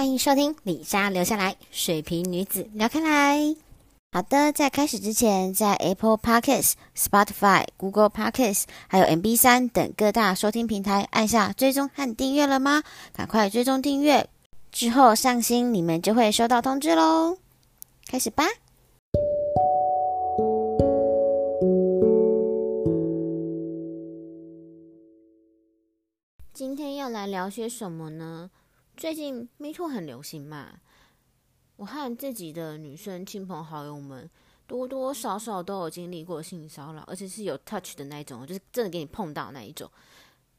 歡迎收聽《理紗琉下來》，水瓶女子聊開來。好的，在開始之前，在 Apple Podcasts、Spotify、Google Podcasts 還有 MB 三等各大收聽平台，按下追蹤和訂閱了嗎？趕快追蹤訂閱，之後上新你們就會收到通知嘍。開始吧。今天要來聊些什麼呢？最近 MeToo 很流行嘛，我和自己的女生、親朋好友們多多少少都有經歷過性騷擾，而且是有 touch 的那一種，就是真的給你碰到那一種。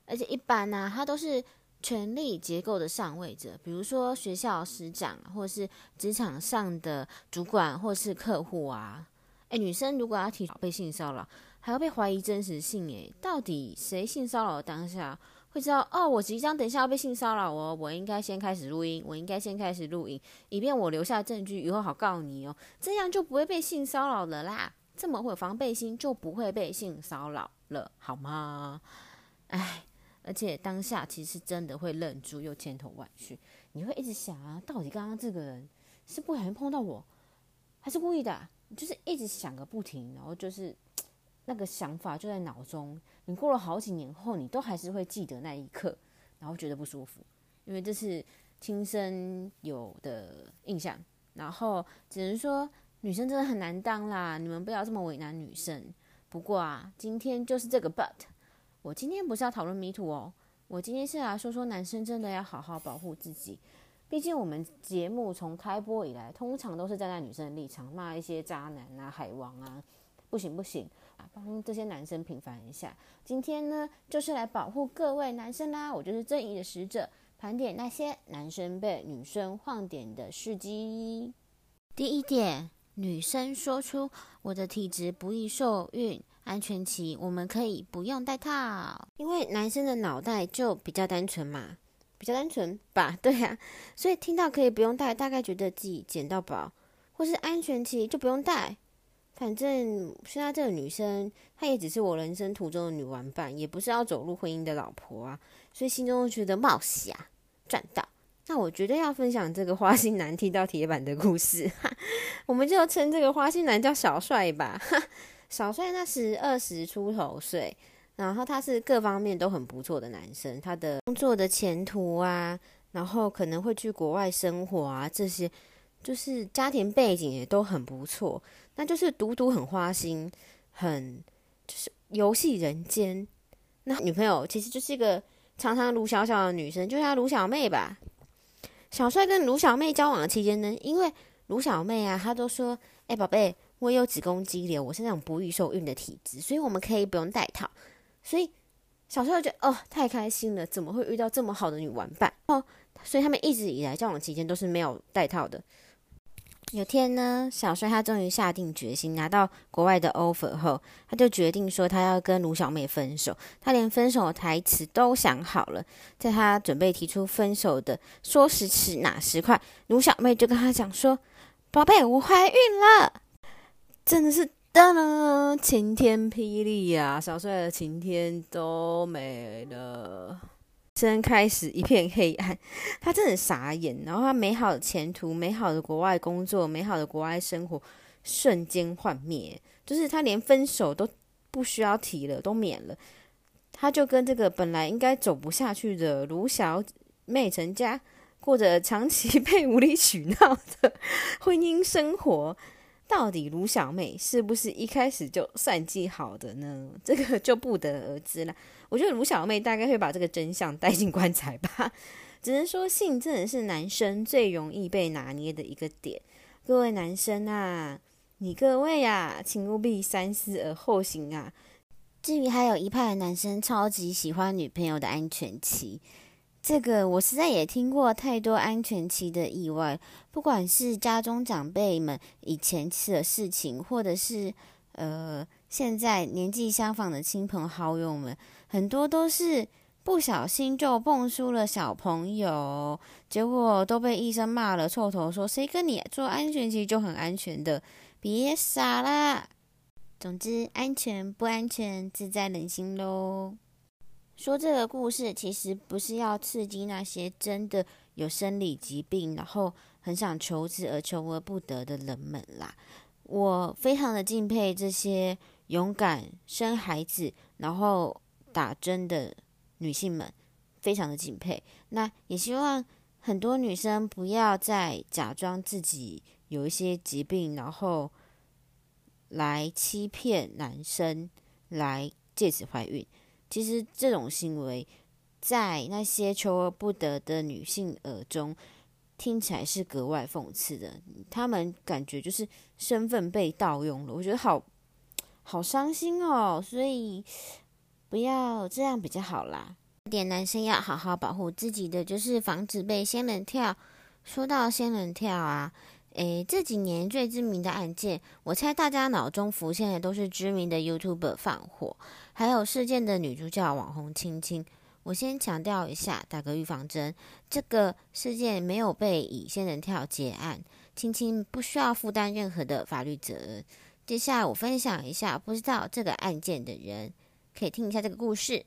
而且一般呢、啊，他都是權力結構的上位者，比如說學校師長，或是職場上的主管，或是客戶啊。誒，女生如果要提早被性騷擾，還要被懷疑真實性，誒，到底誰性騷擾當下？會知道哦，我即將等一下要被性騷擾哦，我應該先開始錄音，我應該先開始錄音，以便我留下證據，以後好告你哦，這樣就不會被性騷擾了啦。這麼會有防備心，就不會被性騷擾了，好嗎？唉，而且當下其實真的會愣住，又千頭萬緒，你會一直想啊，到底剛剛這個人是不小心碰到我，還是故意的？就是一直想個不停，然後就是那個想法就在腦中。你過了好幾年後，你都還是會記得那一刻，然後覺得不舒服，因為這是親身有的印象。然後只能說，女生真的很難當啦，你們不要這麼為難女生。不過啊，今天就是這個 but，我今天不是要討論迷途哦，我今天是來說說男生真的要好好保護自己。畢竟我們節目從開播以來，通常都是站在女生的立場，罵一些渣男啊、海王啊，不行不行，幫這些男生平反一下。今天呢，就是來保護各位男生啦！我就是正義的使者，盤點那些男生被女生晃點的事蹟。第一點，女生說出我的體質不易受孕，安全期我們可以不用戴套，因為男生的腦袋就比較單純嘛，比較單純吧？對啊，所以聽到可以不用戴，大概覺得自己撿到寶，或是安全期就不用戴。反正現在這個女生，她也只是我人生途中的女玩伴，也不是要走入婚姻的老婆啊，所以心中覺得冒險啊，賺到。那我絕對要分享這個花心男踢到鐵板的故事， 我們就稱這個花心男叫小帥吧。 小帥那時二十出頭歲，然後他是各方面都很不錯的男生，他的工作的前途啊，然後可能會去國外生活啊，這些。就是家庭背景也都很不錯，那就是獨獨很花心，很就是遊戲人間。那女朋友其實就是一個常常盧小小的女生，就像盧小妹吧。小帥跟盧小妹交往的期間呢，因為盧小妹啊，她都說：“哎，寶貝，我也有子宮肌瘤，我是那種不易受孕的體質，所以我們可以不用帶套。”所以小帥就覺得哦，太開心了，怎麼會遇到這麼好的女玩伴哦？所以他們一直以來交往期間都是沒有帶套的。有天呢，小帥他終於下定決心拿到國外的 offer 後，他就決定說他要跟盧小妹分手，他連分手的台詞都想好了。在他準備提出分手的說時遲那時快，盧小妹就跟他講說：“寶貝，我懷孕了！”真的是，當了晴天霹靂呀、啊，小帥的晴天都沒了。真開始一片黑暗，他真的傻眼，然後他美好的前途、美好的國外工作、美好的國外生活瞬間幻滅，就是他連分手都不需要提了，都免了，他就跟這個本來應該走不下去的盧小妹成家，過着長期被無理取鬧的婚姻生活。到底盧小妹是不是一開始就算計好的呢？這個就不得而知了。我覺得盧小妹大概會把這個真相帶進棺材吧。只能說性真的是男生最容易被拿捏的一個點。各位男生啊，你各位呀、啊，請務必三思而後行啊。至於還有一派男生超級喜歡女朋友的安全期。這個我實在也聽過太多安全期的意外，不管是家中長輩們以前的事情，或者是呃現在年紀相仿的親朋好友們，很多都是不小心就蹦出了小朋友，結果都被醫生罵了臭頭說，說誰跟你做安全期就很安全的，別傻啦！總之，安全不安全，自在人心咯。說這個故事其實不是要刺激那些真的有生理疾病，然後很想求子而求而不得的人們啦。我非常的敬佩這些勇敢生孩子然後打針的女性們，非常的敬佩。那也希望很多女生不要再假裝自己有一些疾病，然後來欺騙男生，來借此懷孕。其實這種行為，在那些求而不得的女性耳中，聽起來是格外諷刺的。她們感覺就是身份被盜用了，我覺得好好傷心哦。所以不要這樣比較好啦。點男生要好好保護自己的，就是防止被仙人跳。說到仙人跳啊。誒，這幾年最知名的案件，我猜大家腦中浮現的都是知名的 YouTuber 放火，還有事件的女主角網紅青青。我先強調一下，打個預防針，這個事件沒有被以仙人跳結案，青青不需要負擔任何的法律責任。接下來我分享一下，不知道這個案件的人可以聽一下這個故事。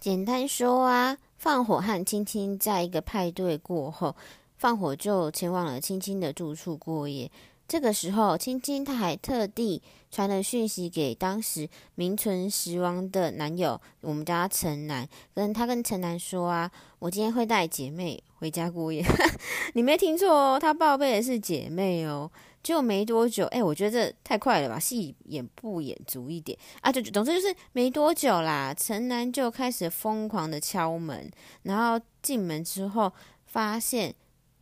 簡單說啊，放火和青青在一個派對過後。放火就前往了青青的住處過夜。這個時候，青青她還特地傳了訊息給當時名存實亡的男友，我們叫他陳南，跟他跟陳南說啊，我今天會帶姐妹回家過夜。 你沒聽錯哦，他報備的是姐妹哦。就沒多久，哎，我覺得這太快了吧，戲演不演足一點啊？就總之就是沒多久啦，陳南就開始瘋狂的敲門，然後進門之後發現。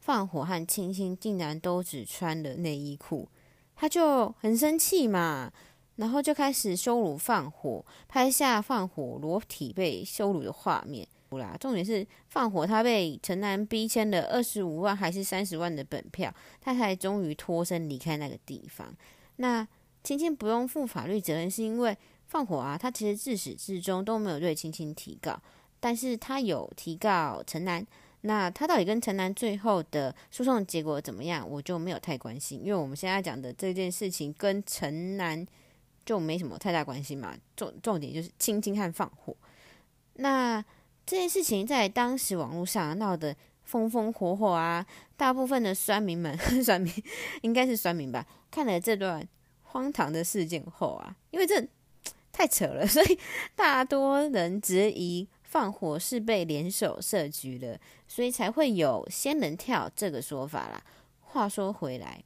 放火和青青竟然都只穿了內衣褲，他就很生氣嘛，然後就開始羞辱放火，拍下放火裸體被羞辱的畫面啦。重點是放火，他被陳楠逼簽了二十五萬還是三十萬的本票，他才終於脫身離開那個地方。那青青不用負法律責任，是因為放火啊，他其實自始至終都沒有對青青提告，但是他有提告陳楠。那他到底跟陳南最後的訴訟結果怎麼樣，我就沒有太關心，因為我們現在講的這件事情跟陳南就沒什麼太大關係嘛。重重點就是輕輕和放火。那這件事情在當時網絡上鬧得風風火火啊，大部分的酸民們酸民應該是酸民吧，看了這段荒唐的事件後啊，因為這太扯了，所以大多人質疑。放火是被聯手設局了，所以才會有“仙人跳”這個說法啦。話說回來，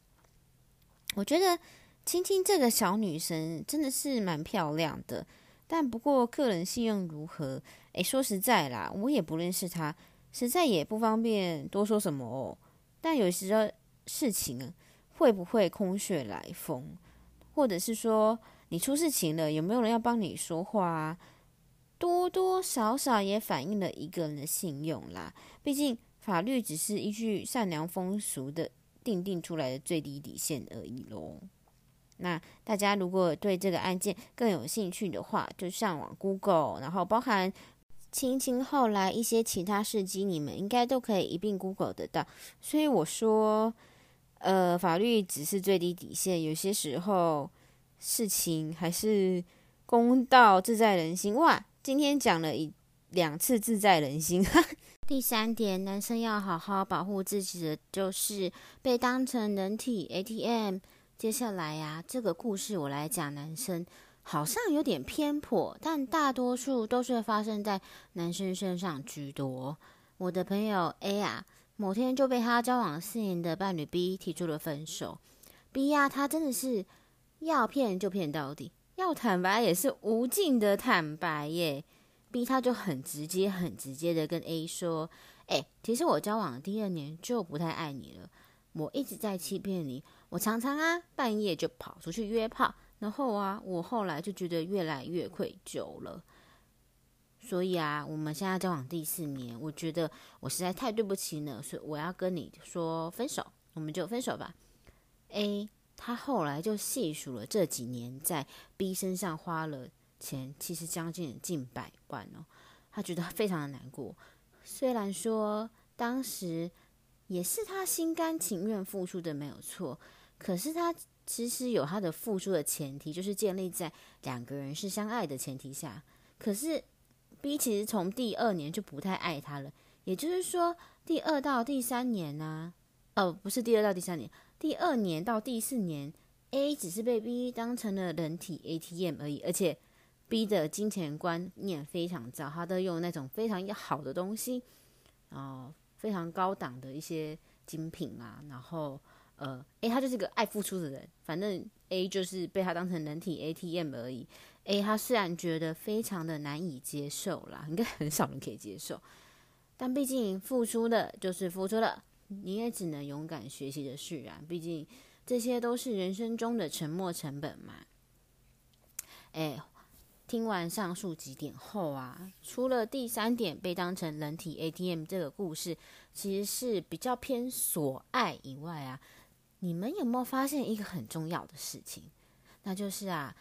我覺得青青這個小女生真的是蠻漂亮的，但不過個人信用如何？誒、欸，說實在啦，我也不認識她，實在也不方便多說什麼哦。但有時候事情會不會空穴來風，或者是說你出事情了，有沒有人要幫你說話啊？多多少少也反映了一個人的信用啦，畢竟法律只是依據善良風俗的訂定出來的最低底線而已嘍。那大家如果對這個案件更有興趣的話，就上網 Google，然後包含親親，後來一些其他事蹟，你們應該都可以一併 Google 得到。所以我說，呃，法律只是最低底線，有些時候事情還是公道自在人心哇。今天講了一兩次自在人心。呵呵，第三點，男生要好好保護自己的，就是被當成人體 ATM。接下來呀，啊，這個故事我來講，男生好像有點偏頗，但大多數都是發生在男生身上居多。我的朋友 A 啊，某天就被他交往四年的伴侶 B 提出了分手。B 呀，啊，他真的是要騙就騙到底。要坦白也是無盡的坦白耶，B 他就很直接、很直接的跟 A 說：“哎、欸，其實我交往第二年就不太愛你了，我一直在欺騙你，我常常啊半夜就跑出去約炮，然後啊我後來就覺得越來越愧疚了，所以啊我們現在交往第四年，我覺得我實在太對不起你了，所以我要跟你說分手，我們就分手吧。”A。他後來就細數了這幾年在 B 身上花了錢，其實將近近百萬哦。他覺得非常的難過。雖然說當時也是他心甘情願付出的沒有錯，可是他其實有他的付出的前提，就是建立在兩個人是相愛的前提下。可是 B 其實從第二年就不太愛他了，也就是說第二到第三年呢、啊，哦、呃，不是第二到第三年。第二年到第四年，A 只是被 B 當成了人體 ATM 而已，而且 B 的金錢觀念非常糟，他都用那種非常好的東西，然後、呃、非常高檔的一些精品啊，然後呃，A、他就是個愛付出的人，反正 A 就是被他當成人體 ATM 而已。A 他雖然覺得非常的難以接受啦，應該很少人可以接受，但畢竟付出的就是付出了。你也只能勇敢學習着釋然，畢竟這些都是人生中的沉沒成本嘛。誒，聽完上述幾點後啊，除了第三點被當成人體 ATM 這個故事，其實是比較偏所愛以外啊，你們有沒有發現一個很重要的事情？那就是啊，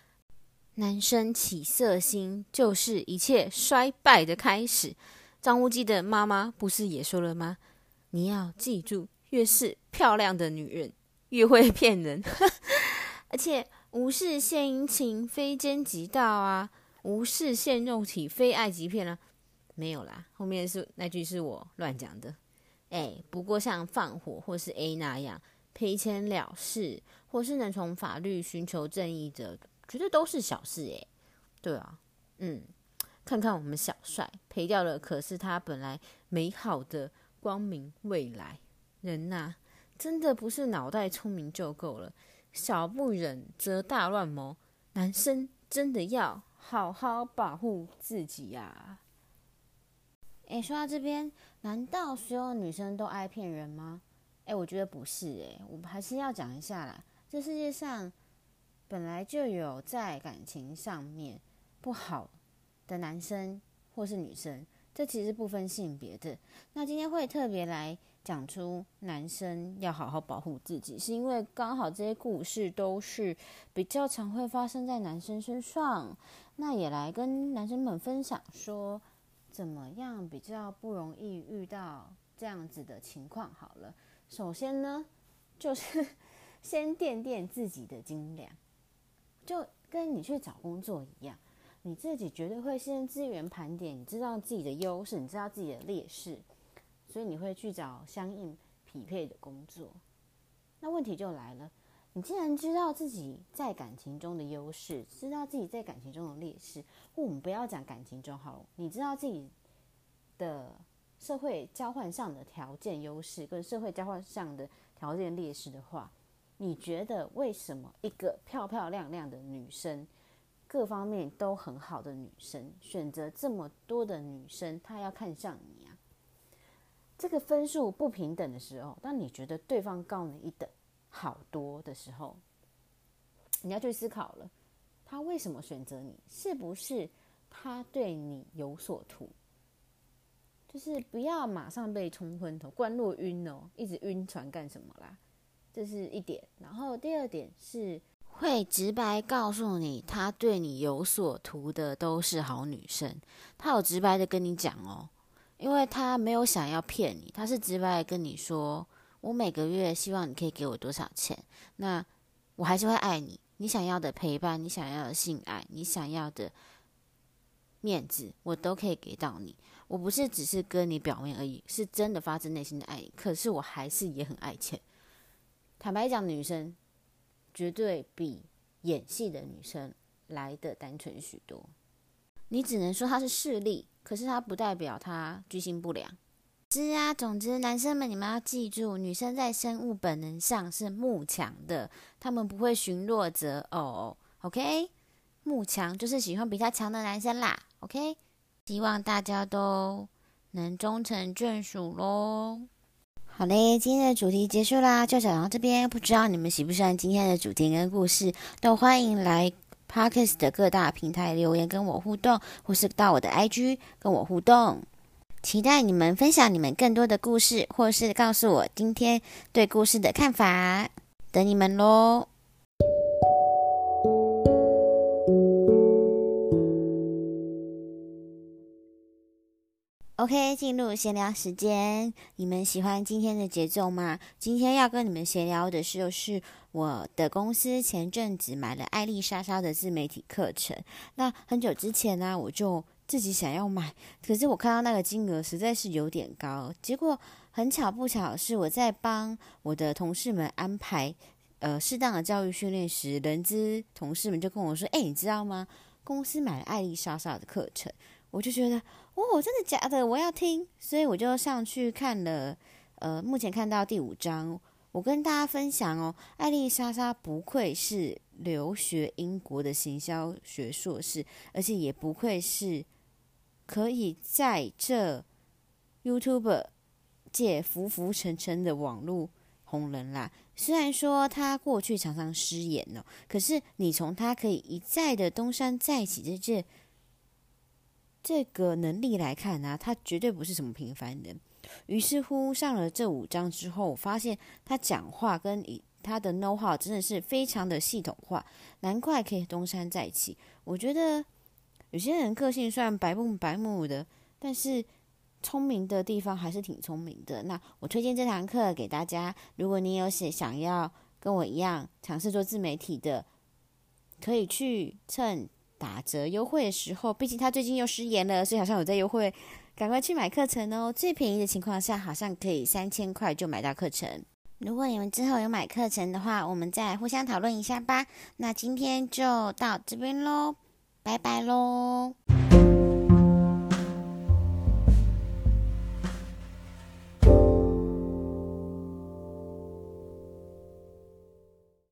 男生起色心就是一切衰敗的開始。張無忌的媽媽不是也說了嗎？你要記住，越是漂亮的女人越會騙人， 而且無事獻殷勤，非奸即盜啊！無事獻肉體，非愛即騙啊。沒有啦，後面是那句是我亂講的。哎、欸，不過像放火或是 A 那樣賠錢了事，或是能從法律尋求正義者，絕對都是小事哎、欸。對啊，嗯，看看我們小帥賠掉了，可是他本來美好的光明未來，人吶、啊，真的不是腦袋聰明就夠了。小不忍則大亂謀，男生真的要好好保護自己呀、啊。哎、欸，說到這邊，難道所有女生都愛騙人嗎？哎、欸，我覺得不是哎，、欸，我們還是要講一下啦。這世界上本來就有在感情上面不好的男生或是女生。這其實不分性別的。那今天會特別來講出男生要好好保護自己，是因為剛好這些故事都是比較常會發生在男生身上。那也來跟男生們分享說，怎麼樣比較不容易遇到這樣子的情況。好了，首先呢，就是呵呵先掂掂自己的斤兩，就跟你去找工作一樣。你自己絕對會先資源盤點，你知道自己的優勢，你知道自己的劣勢，所以你會去找相應匹配的工作。那問題就來了，你既然知道自己在感情中的優勢，知道自己在感情中的劣勢，我們不要講感情中好了。你知道自己的社會交換上的條件優勢跟社會交換上的條件劣勢的話，你覺得為什麼一個漂漂亮亮的女生，各方面都很好的女生，選擇這麼多的女生，她要看上你啊。這個分數不平等的時候，當你覺得對方高你一等好多的時候，你要去思考了，她為什麼選擇你？是不是她對你有所圖？就是不要馬上被沖昏頭，灌落暈哦，一直暈船幹什麼啦？這，就是一點。然後第二點是。會直白告訴你，他，對你有所圖的都是好女生。他有直白的跟你講哦，因為他沒有想要騙你，他是直白的跟你說，我每個月希望你可以給我多少錢，那我還是會愛你，你想要的陪伴，你想要的性愛，你想要的面子，我都可以給到你。我不是只是跟你表面而已，是真的發自內心的愛你。可是我還是也很愛錢。坦白講，女生。絕對比演戲的女生來得單純許多。你只能說，她是勢利，可是她不代表她居心不良。是啊，總之男生們，你們要記住，女生在生物本能上是慕強的，他們不會尋弱擇偶。哦。OK，慕強就是喜歡比他強的男生啦。OK，希望大家都能終成眷屬咯。好嘞，今天的主題結束啦，就講到這邊。不知道你們喜不喜歡今天的主題跟故事，都歡迎來 Podcast 的各大平台留言跟我互動，或是到我的 IG 跟我互動。期待你們分享你們更多的故事，或是告訴我今天對故事的看法。等你們咯。OK，進入閒聊時間。你們喜歡今天的節奏嗎？今天要跟你們閒聊的是，就是我的公司前陣子買了艾莉莎莎的自媒體課程。那很久之前呢、啊，我就自己想要買，可是我看到那個金額實在是有點高。結果很巧不巧，是我在幫我的同事們安排呃適當的教育訓練時，人資同事們就跟我說：“誒，你知道嗎？公司買了艾莉莎莎的課程。”我就覺得。哦，真的假的？我要聽，所以我就上去看了，呃，目前看到第五章。我跟大家分享哦，艾麗莎莎不愧是留學英國的行銷學碩士，而且也不愧是可以在這 YouTube 界浮浮沉沉的網絡紅人啦。雖然說她過去常常失言哦，可是你從她可以一再的東山再起在這。這個能力來看呢、啊，他絕對不是什麼平凡人。於是乎上了這五章之後，我發現他講話跟以他的 know how 真的是非常的系統化，難怪可以東山再起。我覺得有些人個性雖然白不白目的，但是聰明的地方還是挺聰明的。那我推薦這堂課給大家，如果你有想想要跟我一樣嘗試做自媒體的，可以去趁。打折優惠的時候，畢竟他最近又失言了，所以好像有在優惠，趕快去買課程哦！最便宜的情況下，好像可以三千塊就買到課程。如果你們之後有買課程的話，我們再互相討論一下吧。那今天就到這邊嘍，拜拜嘍！